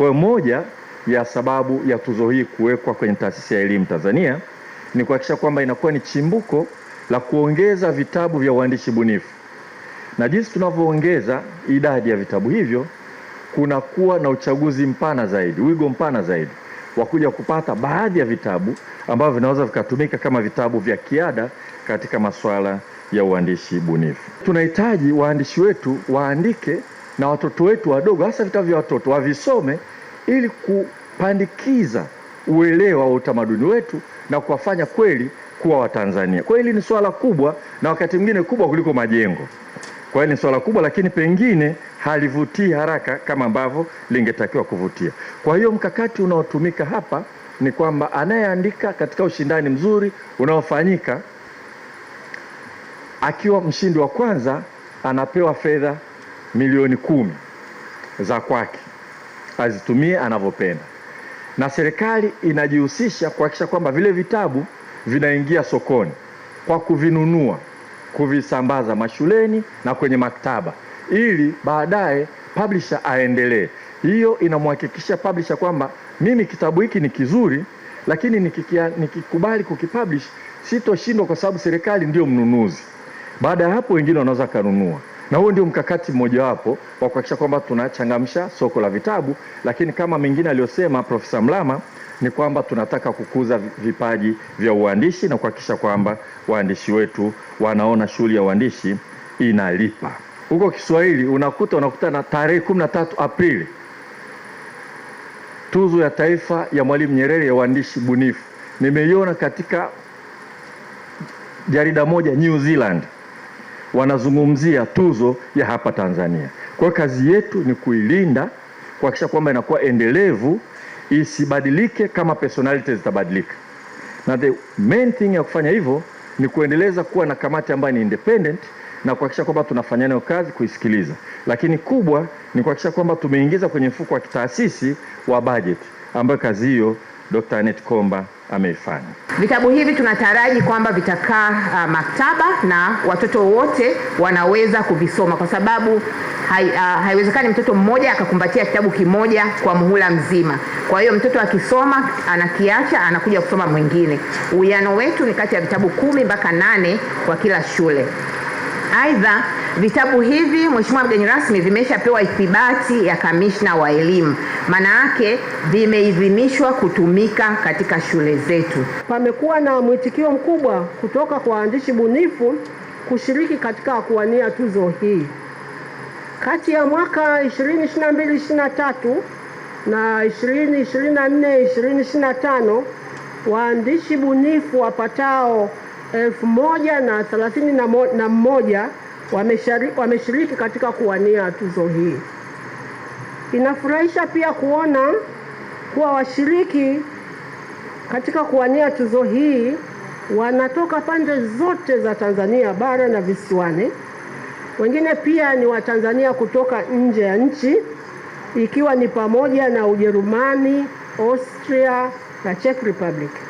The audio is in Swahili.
Kwa hiyo moja ya sababu ya tuzo hii kuwekwa kwenye taasisi ya elimu Tanzania ni kuhakikisha kwamba inakuwa ni chimbuko la kuongeza vitabu vya uandishi bunifu, na jinsi tunavyoongeza idadi ya vitabu hivyo kunakuwa na uchaguzi mpana zaidi, wigo mpana zaidi wa kuja kupata baadhi ya vitabu ambavyo vinaweza vikatumika kama vitabu vya kiada katika masuala ya uandishi bunifu. Tunahitaji waandishi wetu waandike na watoto wetu wadogo, hasa vitabu vya watoto wavisome, ili kupandikiza uelewa wa utamaduni wetu na kuwafanya kweli kuwa Watanzania. Kwa hili ni swala kubwa, na wakati mwingine kubwa kuliko majengo. Kwa hiyo ni swala kubwa, lakini pengine halivutii haraka kama ambavyo lingetakiwa kuvutia. Kwa hiyo mkakati unaotumika hapa ni kwamba anayeandika katika ushindani mzuri unaofanyika akiwa mshindi wa kwanza anapewa fedha milioni kumi za kwake azitumie anavyopenda, na serikali inajihusisha kuhakikisha kwamba vile vitabu vinaingia sokoni kwa kuvinunua, kuvisambaza mashuleni na kwenye maktaba, ili baadaye publisher aendelee. Hiyo inamhakikishia publisher kwamba mimi kitabu hiki ni kizuri, lakini nikikia, nikikubali kukipublish sitoshindwa, kwa sababu serikali ndiyo mnunuzi. Baada ya hapo, wengine wanaweza kanunua na huo ndio mkakati mmojawapo wa kuhakikisha kwamba tunachangamsha soko la vitabu, lakini kama mengine aliyosema Profesa Mlama ni kwamba tunataka kukuza vipaji vya uandishi na kuhakikisha kwamba waandishi wetu wanaona shughuli ya uandishi inalipa. Huko Kiswahili unakuta unakuta na tarehe 13 Aprili, tuzo ya taifa ya Mwalimu Nyerere ya uandishi bunifu, nimeiona katika jarida moja New Zealand wanazungumzia tuzo ya hapa Tanzania. Kwa hiyo kazi yetu ni kuilinda, kuhakikisha kwamba inakuwa endelevu, isibadilike kama personality zitabadilika, na the main thing ya kufanya hivyo ni kuendeleza kuwa na kamati ambayo ni independent na kuhakikisha kwamba tunafanya nayo kazi, kuisikiliza, lakini kubwa ni kuhakikisha kwamba tumeingiza kwenye mfuko wa kitaasisi wa bajeti ambayo kazi hiyo Dr. anet Komba ameifanya. Vitabu hivi tunataraji kwamba vitakaa uh, maktaba na watoto wote wanaweza kuvisoma kwa sababu hai, uh, haiwezekani mtoto mmoja akakumbatia kitabu kimoja kwa muhula mzima. Kwa hiyo mtoto akisoma anakiacha, anakuja kusoma mwingine. Uwiano wetu ni kati ya vitabu kumi mpaka nane kwa kila shule. Aidha, Vitabu hivi Mheshimiwa mgeni rasmi, vimeshapewa ithibati ya kamishna wa elimu, maana yake vimeidhinishwa kutumika katika shule zetu. Pamekuwa na mwitikio mkubwa kutoka kwa waandishi bunifu kushiriki katika kuwania tuzo hii. Kati ya mwaka 2022 23 na 2024 2025 waandishi bunifu wapatao elfu moja na thelathini na moja wameshiriki katika kuwania tuzo hii. Inafurahisha pia kuona kuwa washiriki katika kuwania tuzo hii wanatoka pande zote za Tanzania bara na visiwani. Wengine pia ni Watanzania kutoka nje ya nchi ikiwa ni pamoja na Ujerumani, Austria na Czech Republic.